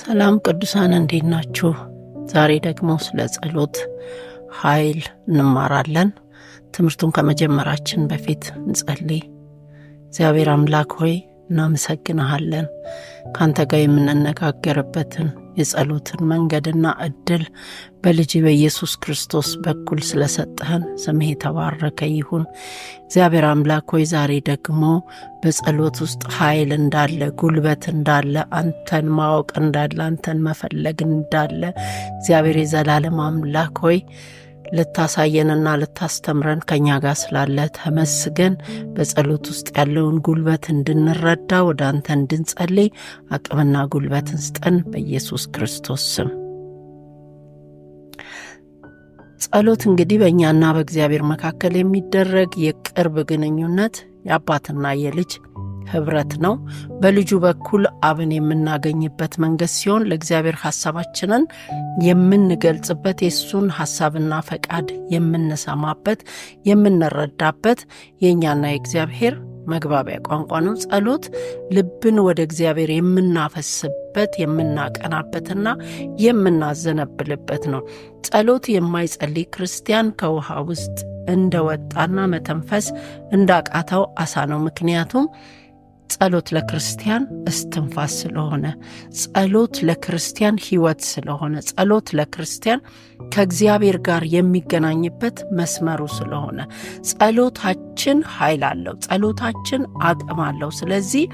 ሰላም ቅዱሳን እንዴት ናችሁ? ዛሬ ደግሞ ስለ ጸሎት ኃይል እንማራለን። ትምህርቱን ከመጀመራችን በፊት እንጸልይ። እግዚአብሔር አምላክ ሆይ እናመሰግንሃለን፣ ከአንተ ጋር የምንነጋገርበትን የጸሎትን መንገድና እድል በልጅ በኢየሱስ ክርስቶስ በኩል ስለሰጠህን ስምህ የተባረከ ይሁን። እግዚአብሔር አምላክ ሆይ ዛሬ ደግሞ በጸሎት ውስጥ ኃይል እንዳለ፣ ጉልበት እንዳለ፣ አንተን ማወቅ እንዳለ፣ አንተን መፈለግ እንዳለ እግዚአብሔር የዘላለም አምላክ ሆይ ልታሳየንና ልታስተምረን ከእኛ ጋር ስላለ ተመስገን። በጸሎት ውስጥ ያለውን ጉልበት እንድንረዳ ወደ አንተ እንድንጸልይ አቅምና ጉልበትን ስጠን በኢየሱስ ክርስቶስ ስም። ጸሎት እንግዲህ በእኛና በእግዚአብሔር መካከል የሚደረግ የቅርብ ግንኙነት የአባትና የልጅ ህብረት ነው። በልጁ በኩል አብን የምናገኝበት መንገድ ሲሆን ለእግዚአብሔር ሀሳባችንን የምንገልጽበት፣ የእሱን ሀሳብና ፈቃድ የምንሰማበት፣ የምንረዳበት የእኛና የእግዚአብሔር መግባቢያ ቋንቋ ነው። ጸሎት ልብን ወደ እግዚአብሔር የምናፈስበት የምናቀናበትና የምናዘነብልበት ነው። ጸሎት የማይጸልይ ክርስቲያን ከውሃ ውስጥ እንደወጣና መተንፈስ እንዳቃተው አሳ ነው። ምክንያቱም ጸሎት ለክርስቲያን እስትንፋስ ስለሆነ፣ ጸሎት ለክርስቲያን ሕይወት ስለሆነ፣ ጸሎት ለክርስቲያን ከእግዚአብሔር ጋር የሚገናኝበት መስመሩ ስለሆነ ጸሎታችን ኃይል አለው፣ ጸሎታችን አቅም አለው። ስለዚህ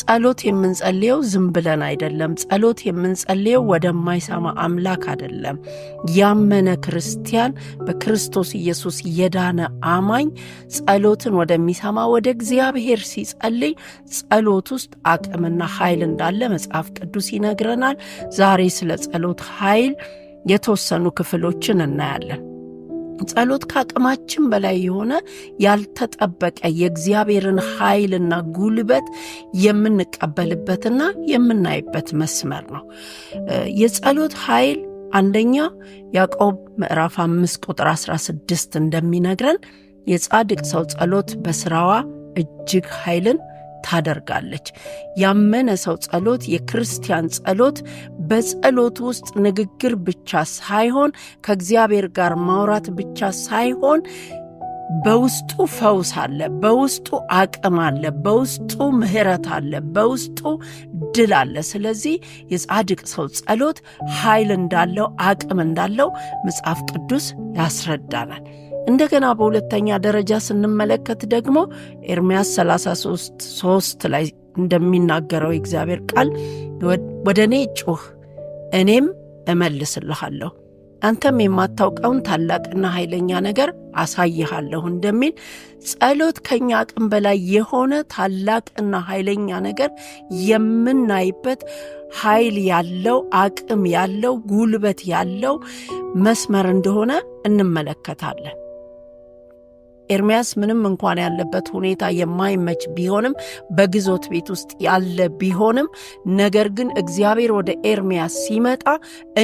ጸሎት የምንጸልየው ዝም ብለን አይደለም። ጸሎት የምንጸልየው ወደማይሰማ አምላክ አይደለም። ያመነ ክርስቲያን፣ በክርስቶስ ኢየሱስ የዳነ አማኝ ጸሎትን ወደሚሰማ ወደ እግዚአብሔር ሲጸልይ ጸሎት ውስጥ አቅምና ኃይል እንዳለ መጽሐፍ ቅዱስ ይነግረናል። ዛሬ ስለ ጸሎት ኃይል የተወሰኑ ክፍሎችን እናያለን። ጸሎት ከአቅማችን በላይ የሆነ ያልተጠበቀ የእግዚአብሔርን ኃይልና ጉልበት የምንቀበልበትና የምናይበት መስመር ነው። የጸሎት ኃይል አንደኛ ያዕቆብ ምዕራፍ 5 ቁጥር 16 እንደሚነግረን የጻድቅ ሰው ጸሎት በስራዋ እጅግ ኃይልን ታደርጋለች። ያመነ ሰው ጸሎት፣ የክርስቲያን ጸሎት በጸሎት ውስጥ ንግግር ብቻ ሳይሆን ከእግዚአብሔር ጋር ማውራት ብቻ ሳይሆን በውስጡ ፈውስ አለ፣ በውስጡ አቅም አለ፣ በውስጡ ምሕረት አለ፣ በውስጡ ድል አለ። ስለዚህ የጻድቅ ሰው ጸሎት ኃይል እንዳለው አቅም እንዳለው መጽሐፍ ቅዱስ ያስረዳናል። እንደገና በሁለተኛ ደረጃ ስንመለከት ደግሞ ኤርምያስ 33 3 ላይ እንደሚናገረው የእግዚአብሔር ቃል ወደ እኔ ጩህ እኔም እመልስልሃለሁ አንተም የማታውቀውን ታላቅና ኃይለኛ ነገር አሳይሃለሁ እንደሚል ጸሎት ከኛ አቅም በላይ የሆነ ታላቅና ኃይለኛ ነገር የምናይበት ኃይል ያለው አቅም ያለው ጉልበት ያለው መስመር እንደሆነ እንመለከታለን። ኤርሚያስ ምንም እንኳን ያለበት ሁኔታ የማይመች ቢሆንም በግዞት ቤት ውስጥ ያለ ቢሆንም ነገር ግን እግዚአብሔር ወደ ኤርሚያስ ሲመጣ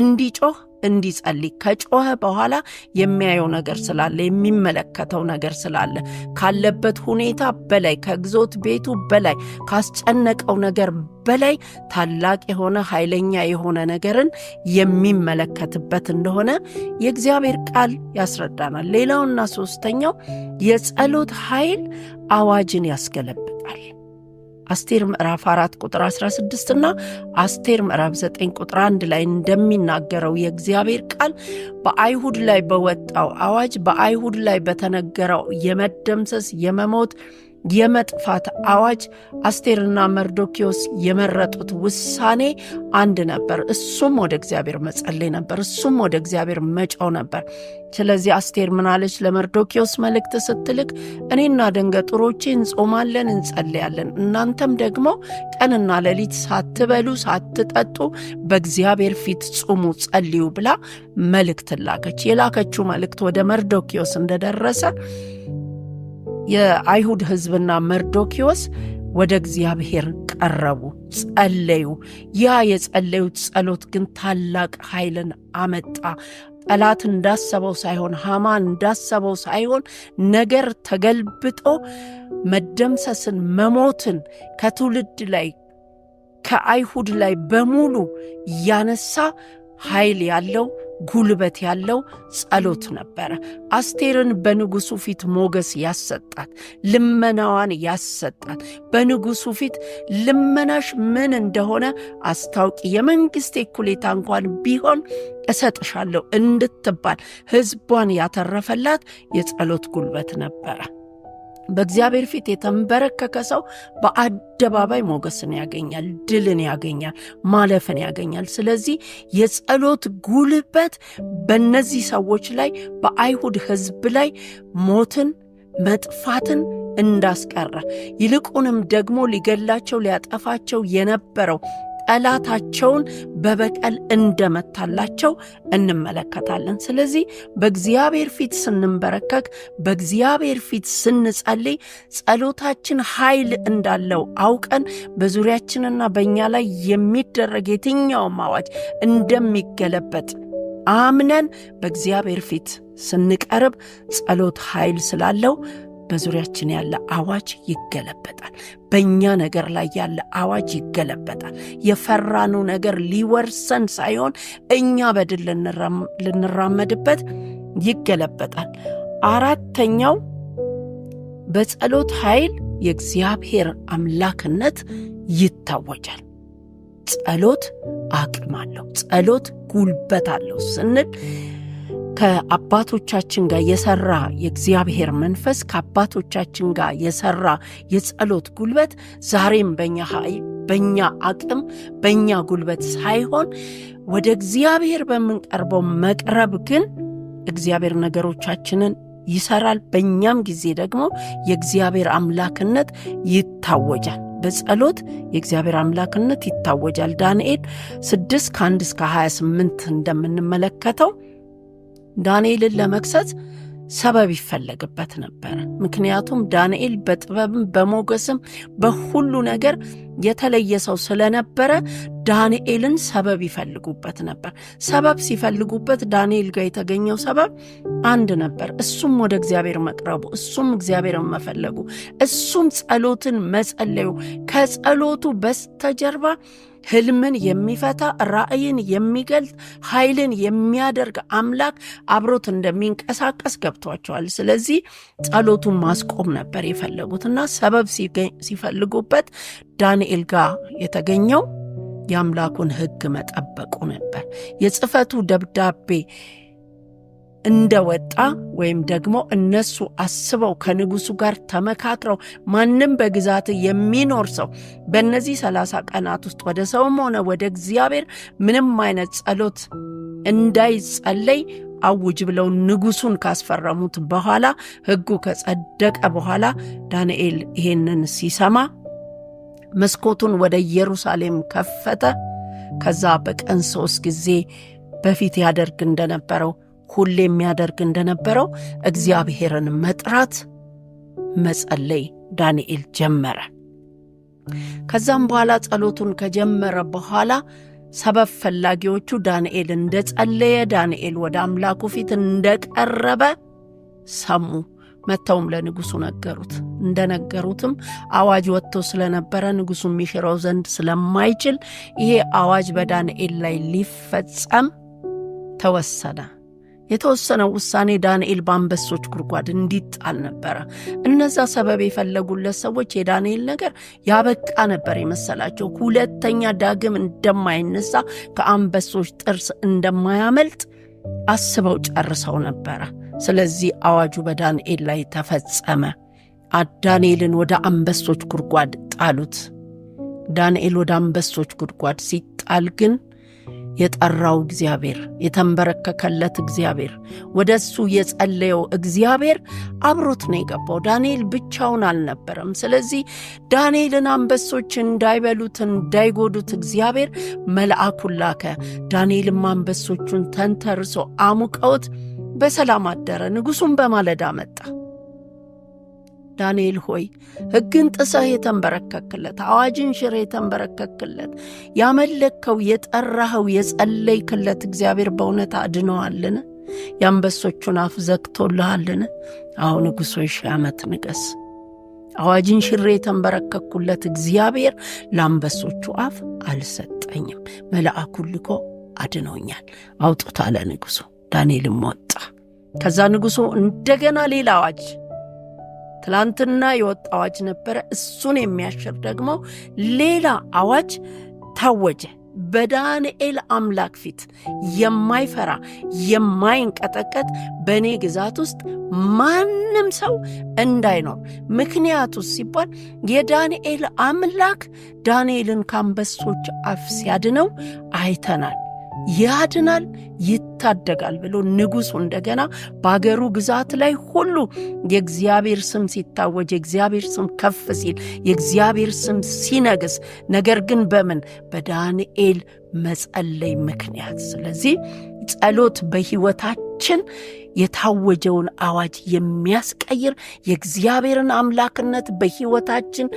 እንዲጮህ እንዲጸልይ ከጮኸ በኋላ የሚያየው ነገር ስላለ የሚመለከተው ነገር ስላለ ካለበት ሁኔታ በላይ ከግዞት ቤቱ በላይ ካስጨነቀው ነገር በላይ ታላቅ የሆነ ኃይለኛ የሆነ ነገርን የሚመለከትበት እንደሆነ የእግዚአብሔር ቃል ያስረዳናል። ሌላውና ሶስተኛው የጸሎት ኃይል አዋጅን ያስገለብጣል። አስቴር ምዕራፍ 4 ቁጥር 16 እና አስቴር ምዕራፍ 9 ቁጥር 1 ላይ እንደሚናገረው የእግዚአብሔር ቃል በአይሁድ ላይ በወጣው አዋጅ በአይሁድ ላይ በተነገረው የመደምሰስ የመሞት የመጥፋት አዋጅ አስቴርና መርዶኪዎስ የመረጡት ውሳኔ አንድ ነበር። እሱም ወደ እግዚአብሔር መጸለይ ነበር። እሱም ወደ እግዚአብሔር መጫው ነበር። ስለዚህ አስቴር ምናለች? ለመርዶኪዎስ መልእክት ስትልክ እኔና ደንገጡሮቼ እንጾማለን፣ እንጸለያለን። እናንተም ደግሞ ቀንና ሌሊት ሳትበሉ ሳትጠጡ በእግዚአብሔር ፊት ጹሙ፣ ጸልዩ ብላ መልእክት ላከች። የላከችው መልእክት ወደ መርዶኪዎስ እንደደረሰ የአይሁድ ሕዝብና መርዶኪዎስ ወደ እግዚአብሔር ቀረቡ፣ ጸለዩ። ያ የጸለዩት ጸሎት ግን ታላቅ ኃይልን አመጣ። ጠላት እንዳሰበው ሳይሆን፣ ሃማን እንዳሰበው ሳይሆን ነገር ተገልብጦ መደምሰስን፣ መሞትን ከትውልድ ላይ ከአይሁድ ላይ በሙሉ እያነሳ ኃይል ያለው ጉልበት ያለው ጸሎት ነበረ። አስቴርን በንጉሱ ፊት ሞገስ ያሰጣት፣ ልመናዋን ያሰጣት፣ በንጉሱ ፊት ልመናሽ ምን እንደሆነ አስታውቂ፣ የመንግስት እኩሌታ እንኳን ቢሆን እሰጥሻለሁ እንድትባል ህዝቧን ያተረፈላት የጸሎት ጉልበት ነበረ። በእግዚአብሔር ፊት የተንበረከከ ሰው በአደባባይ ሞገስን ያገኛል፣ ድልን ያገኛል፣ ማለፍን ያገኛል። ስለዚህ የጸሎት ጉልበት በእነዚህ ሰዎች ላይ በአይሁድ ሕዝብ ላይ ሞትን፣ መጥፋትን እንዳስቀረ ይልቁንም ደግሞ ሊገላቸው ሊያጠፋቸው የነበረው ጠላታቸውን በበቀል እንደመታላቸው እንመለከታለን። ስለዚህ በእግዚአብሔር ፊት ስንንበረከክ፣ በእግዚአብሔር ፊት ስንጸልይ፣ ጸሎታችን ኃይል እንዳለው አውቀን በዙሪያችንና በእኛ ላይ የሚደረግ የትኛውም አዋጅ እንደሚገለበጥ አምነን በእግዚአብሔር ፊት ስንቀርብ ጸሎት ኃይል ስላለው በዙሪያችን ያለ አዋጅ ይገለበጣል። በእኛ ነገር ላይ ያለ አዋጅ ይገለበጣል። የፈራኑ ነገር ሊወርሰን ሳይሆን እኛ በድል ልንራመድበት ይገለበጣል። አራተኛው በጸሎት ኃይል የእግዚአብሔር አምላክነት ይታወጃል። ጸሎት አቅም አለው፣ ጸሎት ጉልበት አለው ስንል ከአባቶቻችን ጋር የሰራ የእግዚአብሔር መንፈስ ከአባቶቻችን ጋር የሰራ የጸሎት ጉልበት ዛሬም በኛ ሀይ በእኛ አቅም በእኛ ጉልበት ሳይሆን ወደ እግዚአብሔር በምንቀርበው መቅረብ ግን እግዚአብሔር ነገሮቻችንን ይሰራል። በእኛም ጊዜ ደግሞ የእግዚአብሔር አምላክነት ይታወጃል። በጸሎት የእግዚአብሔር አምላክነት ይታወጃል። ዳንኤል 6 ከ1 እስከ 28 እንደምንመለከተው ዳንኤልን ለመክሰስ ሰበብ ይፈለግበት ነበር። ምክንያቱም ዳንኤል በጥበብም በሞገስም በሁሉ ነገር የተለየ ሰው ስለነበረ ዳንኤልን ሰበብ ይፈልጉበት ነበር። ሰበብ ሲፈልጉበት ዳንኤል ጋር የተገኘው ሰበብ አንድ ነበር። እሱም ወደ እግዚአብሔር መቅረቡ፣ እሱም እግዚአብሔርን መፈለጉ፣ እሱም ጸሎትን መጸለዩ ከጸሎቱ በስተጀርባ ህልምን የሚፈታ ራእይን የሚገልጥ ኃይልን የሚያደርግ አምላክ አብሮት እንደሚንቀሳቀስ ገብቷቸዋል። ስለዚህ ጸሎቱን ማስቆም ነበር የፈለጉት እና ሰበብ ሲፈልጉበት ዳንኤል ጋር የተገኘው የአምላኩን ሕግ መጠበቁ ነበር የጽህፈቱ ደብዳቤ እንደወጣ ወይም ደግሞ እነሱ አስበው ከንጉሱ ጋር ተመካክረው ማንም በግዛት የሚኖር ሰው በእነዚህ ሰላሳ ቀናት ውስጥ ወደ ሰውም ሆነ ወደ እግዚአብሔር ምንም አይነት ጸሎት እንዳይጸለይ አውጅ ብለው ንጉሱን ካስፈረሙት በኋላ ሕጉ ከጸደቀ በኋላ ዳንኤል ይሄንን ሲሰማ መስኮቱን ወደ ኢየሩሳሌም ከፈተ። ከዛ በቀን ሶስት ጊዜ በፊት ያደርግ እንደነበረው ሁሌ የሚያደርግ እንደነበረው እግዚአብሔርን መጥራት፣ መጸለይ ዳንኤል ጀመረ። ከዛም በኋላ ጸሎቱን ከጀመረ በኋላ ሰበብ ፈላጊዎቹ ዳንኤል ጸለየ ዳንኤል ወደ አምላኩ ፊት እንደቀረበ ሰሙ። መጥተውም ለንጉሱ ነገሩት። እንደነገሩትም አዋጅ ወጥቶ ስለነበረ ንጉሱ የሚሽረው ዘንድ ስለማይችል ይሄ አዋጅ በዳንኤል ላይ ሊፈጸም ተወሰነ። የተወሰነው ውሳኔ ዳንኤል በአንበሶች ጉድጓድ እንዲጣል ነበረ። እነዛ ሰበብ የፈለጉለት ሰዎች የዳንኤል ነገር ያበቃ ነበር የመሰላቸው። ሁለተኛ ዳግም እንደማይነሳ ከአንበሶች ጥርስ እንደማያመልጥ አስበው ጨርሰው ነበረ። ስለዚህ አዋጁ በዳንኤል ላይ ተፈጸመ። ዳንኤልን ወደ አንበሶች ጉድጓድ ጣሉት። ዳንኤል ወደ አንበሶች ጉድጓድ ሲጣል ግን የጠራው እግዚአብሔር የተንበረከከለት እግዚአብሔር ወደ እሱ የጸለየው እግዚአብሔር አብሮት ነው የገባው። ዳንኤል ብቻውን አልነበረም። ስለዚህ ዳንኤልን አንበሶች እንዳይበሉት እንዳይጎዱት እግዚአብሔር መልአኩን ላከ። ዳንኤልም አንበሶቹን ተንተርሶ አሙቀውት በሰላም አደረ። ንጉሱን በማለዳ መጣ። ዳንኤል ሆይ ሕግን ጥሰህ የተንበረከክለት አዋጅን ሽር የተንበረከክለት ያመለከው የጠራኸው የጸለይክለት እግዚአብሔር በእውነት አድነዋልን? የአንበሶቹን አፍ ዘግቶልሃልን? አሁ ንጉሶ ዓመት ንገስ። አዋጅን ሽሬ የተንበረከኩለት እግዚአብሔር ለአንበሶቹ አፍ አልሰጠኝም፣ መልአኩን ልኮ አድኖኛል። አውጡት አለ ዳንኤልም ወጣ። ከዛ ንጉሶ እንደገና ሌላ አዋጅ ትላንትና የወጣ አዋጅ ነበረ። እሱን የሚያሽር ደግሞ ሌላ አዋጅ ታወጀ። በዳንኤል አምላክ ፊት የማይፈራ የማይንቀጠቀጥ በእኔ ግዛት ውስጥ ማንም ሰው እንዳይኖር። ምክንያቱ ሲባል የዳንኤል አምላክ ዳንኤልን ከአንበሶች አፍ ሲያድነው አይተናል። ያድናል፣ ይታደጋል ብሎ ንጉሱ እንደገና በአገሩ ግዛት ላይ ሁሉ የእግዚአብሔር ስም ሲታወጅ፣ የእግዚአብሔር ስም ከፍ ሲል፣ የእግዚአብሔር ስም ሲነግስ፣ ነገር ግን በምን በዳንኤል መጸለይ ምክንያት ስለዚህ ጸሎት በሕይወታችን የታወጀውን አዋጅ የሚያስቀይር የእግዚአብሔርን አምላክነት በሕይወታችን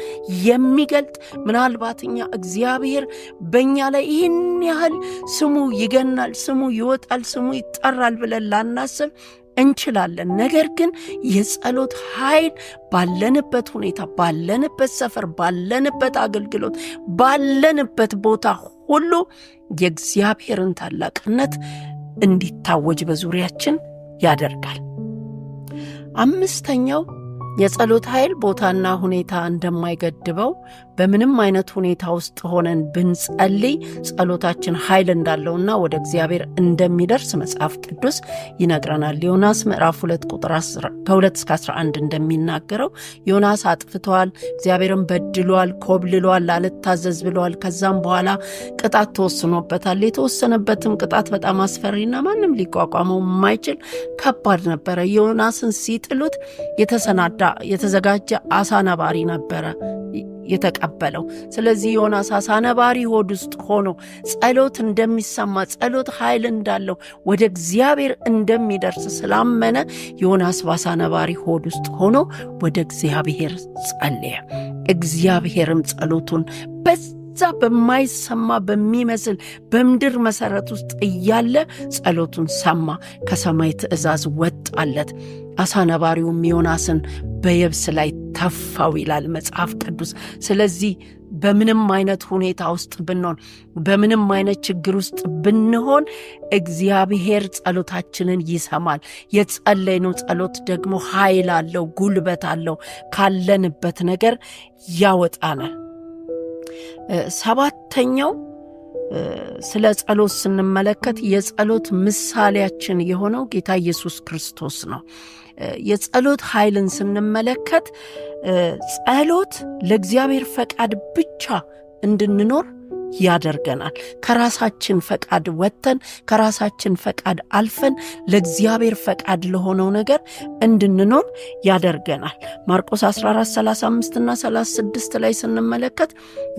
የሚገልጥ ምናልባት እኛ እግዚአብሔር በእኛ ላይ ይህን ያህል ስሙ ይገናል፣ ስሙ ይወጣል፣ ስሙ ይጠራል ብለን ላናስብ እንችላለን። ነገር ግን የጸሎት ኃይል ባለንበት ሁኔታ፣ ባለንበት ሰፈር፣ ባለንበት አገልግሎት፣ ባለንበት ቦታ ሁሉ የእግዚአብሔርን ታላቅነት እንዲታወጅ በዙሪያችን ያደርጋል። አምስተኛው የጸሎት ኃይል ቦታና ሁኔታ እንደማይገድበው በምንም አይነት ሁኔታ ውስጥ ሆነን ብንጸልይ ጸሎታችን ኃይል እንዳለውና ወደ እግዚአብሔር እንደሚደርስ መጽሐፍ ቅዱስ ይነግረናል። ዮናስ ምዕራፍ 2 ቁጥር ከ2 እስከ 11 እንደሚናገረው ዮናስ አጥፍተዋል፣ እግዚአብሔርን በድሏል፣ ኮብልሏል፣ አልታዘዝ ብለዋል። ከዛም በኋላ ቅጣት ተወስኖበታል። የተወሰነበትም ቅጣት በጣም አስፈሪና ማንም ሊቋቋመው የማይችል ከባድ ነበረ። ዮናስን ሲጥሉት የተሰናዳ የተዘጋጀ አሳ ነባሪ ነበረ የተቀበለው። ስለዚህ ዮናስ አሳ ነባሪ ሆድ ውስጥ ሆኖ ጸሎት እንደሚሰማ ጸሎት ኃይል እንዳለው ወደ እግዚአብሔር እንደሚደርስ ስላመነ ዮናስ በአሳ ነባሪ ሆድ ውስጥ ሆኖ ወደ እግዚአብሔር ጸለየ። እግዚአብሔርም ጸሎቱን በዛ በማይሰማ በሚመስል በምድር መሰረት ውስጥ እያለ ጸሎቱን ሰማ። ከሰማይ ትእዛዝ ወጣለት። አሳ ነባሪውም ዮናስን በየብስ ላይ ተፋው ይላል መጽሐፍ ቅዱስ። ስለዚህ በምንም አይነት ሁኔታ ውስጥ ብንሆን፣ በምንም አይነት ችግር ውስጥ ብንሆን እግዚአብሔር ጸሎታችንን ይሰማል። የጸለይነው ጸሎት ደግሞ ኃይል አለው፣ ጉልበት አለው። ካለንበት ነገር ያወጣናል። ሰባተኛው ስለ ጸሎት ስንመለከት የጸሎት ምሳሌያችን የሆነው ጌታ ኢየሱስ ክርስቶስ ነው። የጸሎት ኃይልን ስንመለከት ጸሎት ለእግዚአብሔር ፈቃድ ብቻ እንድንኖር ያደርገናል። ከራሳችን ፈቃድ ወጥተን ከራሳችን ፈቃድ አልፈን ለእግዚአብሔር ፈቃድ ለሆነው ነገር እንድንኖር ያደርገናል። ማርቆስ 14 35 ና 36 ላይ ስንመለከት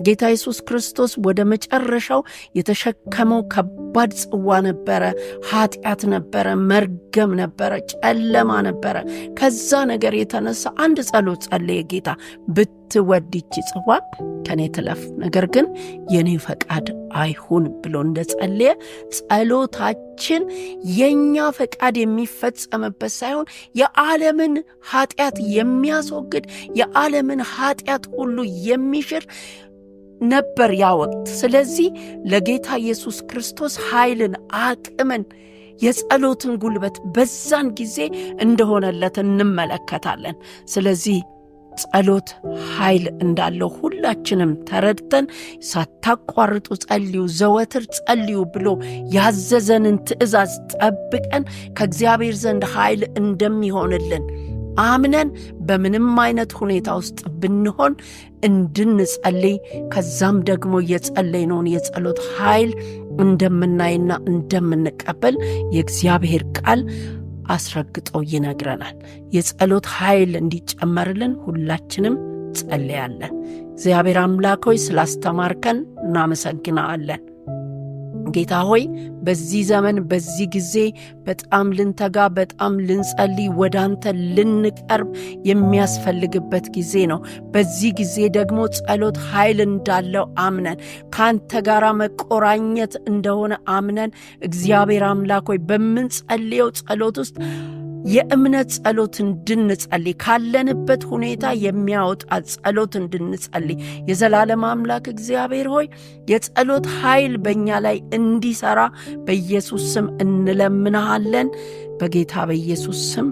ጌታ ኢየሱስ ክርስቶስ ወደ መጨረሻው የተሸከመው ከባድ ጽዋ ነበረ፣ ኃጢአት ነበረ፣ መርገም ነበረ፣ ጨለማ ነበረ። ከዛ ነገር የተነሳ አንድ ጸሎት ጸለየ ጌታ ብትወድ ይቺ ጽዋ ከኔ ትለፍ፣ ነገር ግን የኔ ፈቃድ አይሁን ብሎ እንደጸለየ ጸሎታችን የእኛ ፈቃድ የሚፈጸምበት ሳይሆን የዓለምን ኃጢአት የሚያስወግድ የዓለምን ኃጢአት ሁሉ የሚሽር ነበር ያ ወቅት። ስለዚህ ለጌታ ኢየሱስ ክርስቶስ ኃይልን፣ አቅምን የጸሎትን ጉልበት በዛን ጊዜ እንደሆነለት እንመለከታለን። ስለዚህ ጸሎት ኃይል እንዳለው ሁላችንም ተረድተን ሳታቋርጡ ጸልዩ፣ ዘወትር ጸልዩ ብሎ ያዘዘንን ትእዛዝ ጠብቀን ከእግዚአብሔር ዘንድ ኃይል እንደሚሆንልን አምነን በምንም አይነት ሁኔታ ውስጥ ብንሆን እንድንጸልይ ከዛም ደግሞ የጸለይነውን የጸሎት ኃይል እንደምናይና እንደምንቀበል የእግዚአብሔር ቃል አስረግጦ ይነግረናል። የጸሎት ኃይል እንዲጨመርልን ሁላችንም ጸልያለን። እግዚአብሔር አምላክ ሆይ ስላስተማርከን እናመሰግናለን። ጌታ ሆይ በዚህ ዘመን በዚህ ጊዜ በጣም ልንተጋ በጣም ልንጸልይ ወደ አንተ ልንቀርብ የሚያስፈልግበት ጊዜ ነው። በዚህ ጊዜ ደግሞ ጸሎት ኃይል እንዳለው አምነን ከአንተ ጋር መቆራኘት እንደሆነ አምነን እግዚአብሔር አምላክ ሆይ በምንጸልየው ጸሎት ውስጥ የእምነት ጸሎት እንድንጸልይ ካለንበት ሁኔታ የሚያወጣ ጸሎት እንድንጸልይ የዘላለም አምላክ እግዚአብሔር ሆይ የጸሎት ኃይል በእኛ ላይ እንዲሰራ በኢየሱስ ስም እንለምንሃለን። በጌታ በኢየሱስ ስም